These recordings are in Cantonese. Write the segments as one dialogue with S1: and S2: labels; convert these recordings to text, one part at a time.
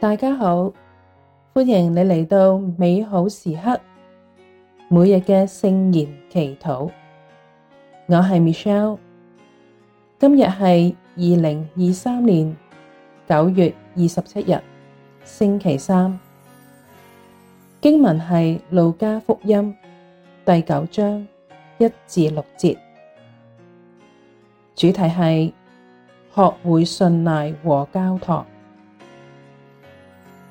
S1: 大家好，歡迎你嚟到美好時刻每日嘅聖言祈禱。我係 Michelle，今日係二零二三年九月二十七日，星期三。經文係路加福音第九章一至六節，主題係學會信賴和交託。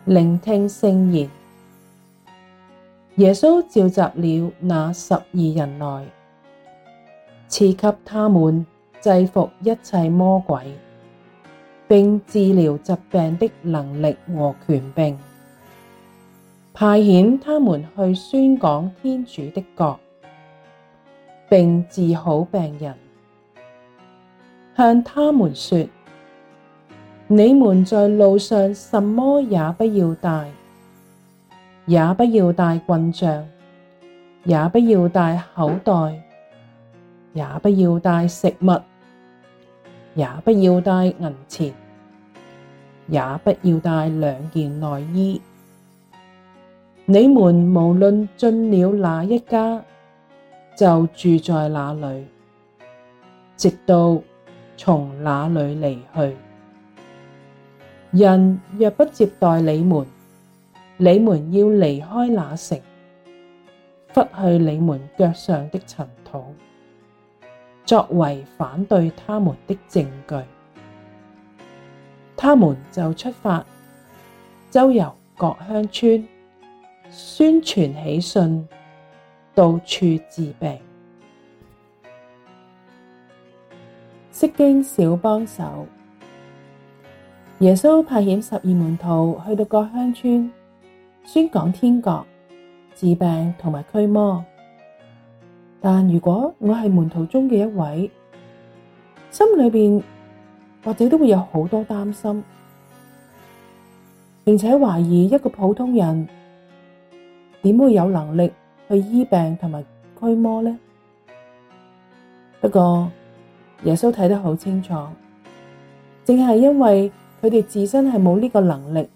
S1: 聆聽聖言，耶穌召集了那十二人來，賜給他們制伏一切魔鬼，並治療疾病的能力和權柄，派遣他們去宣講天主的國，並治好病人，向他們說。你們在路上什麼也不要帶，也不要帶棍杖，也不要帶口袋，也不要帶食物，也不要帶銀錢，也不要帶兩件內衣。你們無論進了那一家，就住在那裡，直到從那裡離去。人若不接待你們，你們要離開那城，拂去你們腳上的塵土，作為反對他們的證據。他們就出發，周遊各鄉村，宣傳喜訊，到處治病，釋經小幫手。耶穌派遣十二門徒去到各鄉村宣講天國、治病同埋驅魔。但如果我係門徒中嘅一位，心裏邊或者都會有好多擔心，並且懷疑一個普通人點會有能力去醫病同埋驅魔呢？不過耶穌睇得好清楚，正係因為。佢哋自身係冇呢個能力，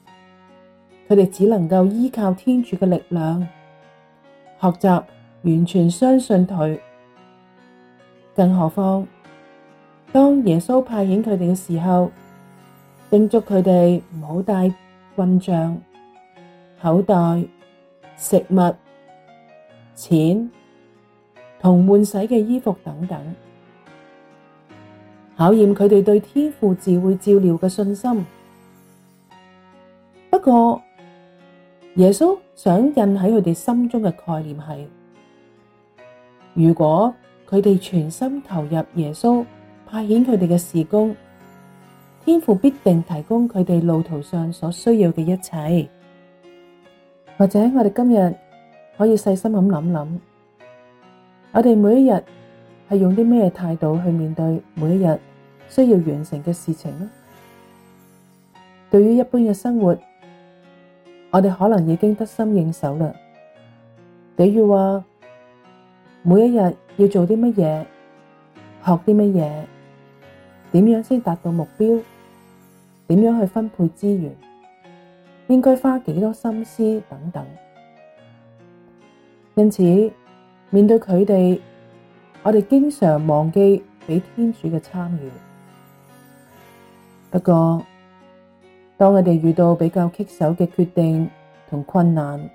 S1: 佢哋只能夠依靠天主嘅力量，學習完全相信佢。更何況，當耶穌派遣佢哋嘅時候，叮囑佢哋唔好帶棍杖、口袋、食物、錢同換洗嘅衣服等等。考驗佢哋對天父自會照料嘅信心。不過，耶穌想印喺佢哋心中嘅概念係：如果佢哋全心投入耶穌派遣佢哋嘅事工，天父必定提供佢哋路途上所需要嘅一切。或者我哋今日可以細心咁諗諗，我哋每一日係用啲咩態度去面對每一日需要完成嘅事情咯。對於一般嘅生活，我哋可能已經得心應手啦。比如話，每一日要做啲乜嘢，學啲乜嘢，點樣先達到目標，點樣去分配資源，應該花幾多心思等等。因此，面對佢哋，我哋經常忘記俾天主嘅參與。不過，當我哋遇到比較棘手嘅決定同困難，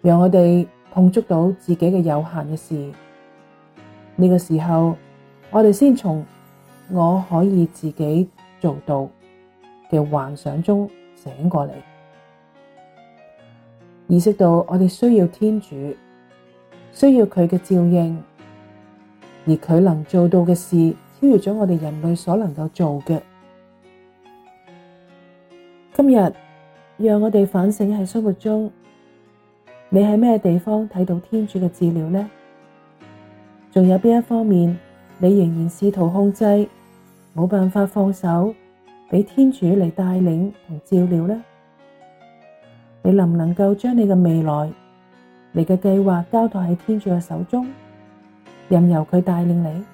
S1: 讓我哋碰觸到自己嘅有限嘅事，呢個時候，我哋先從我可以自己做到嘅幻想中醒過嚟，意識到我哋需要天主，需要佢嘅照應，而佢能做到嘅事，超越咗我哋人類所能夠做嘅。今日讓我哋反省喺生活中，你喺咩地方睇到天主嘅照料呢？仲有邊一方面你仍然試圖控制，冇辦法放手俾天主嚟帶領同照料呢？你能唔能夠將你嘅未來、你嘅計劃交託喺天主嘅手中，任由佢帶領你？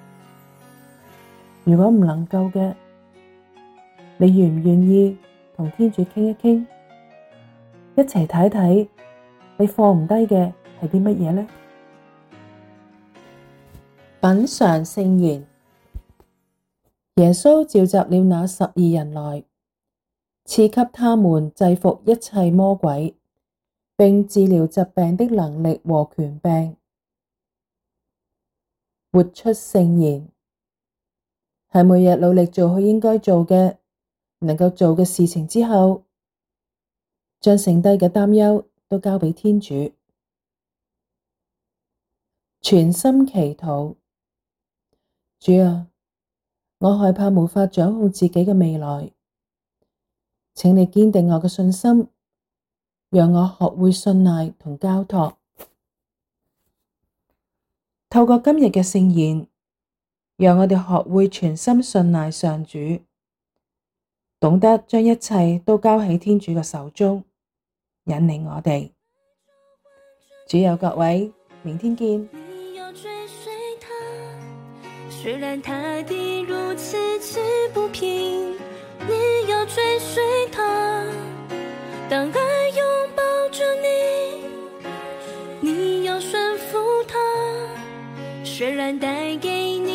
S1: 如果唔能夠嘅，你願唔願意同天主傾一傾，一齊睇睇，你放唔低嘅係啲乜嘢呢？品嘗聖言，耶穌召集了那十二人來，賜給他們制伏一切魔鬼，並治療疾病的能力和權柄，活出聖言。喺每日努力做好應該做嘅、能夠做嘅事情之後，將剩低嘅擔憂都交俾天主，全心祈禱。主啊，我害怕無法掌控自己嘅未來，請你堅定我嘅信心，讓我學會信賴同交託。透過今日嘅聖言。讓我哋學會全心信賴上主，懂得將一切都交喺天主嘅手中，引領我哋。主佑各位，明天見。你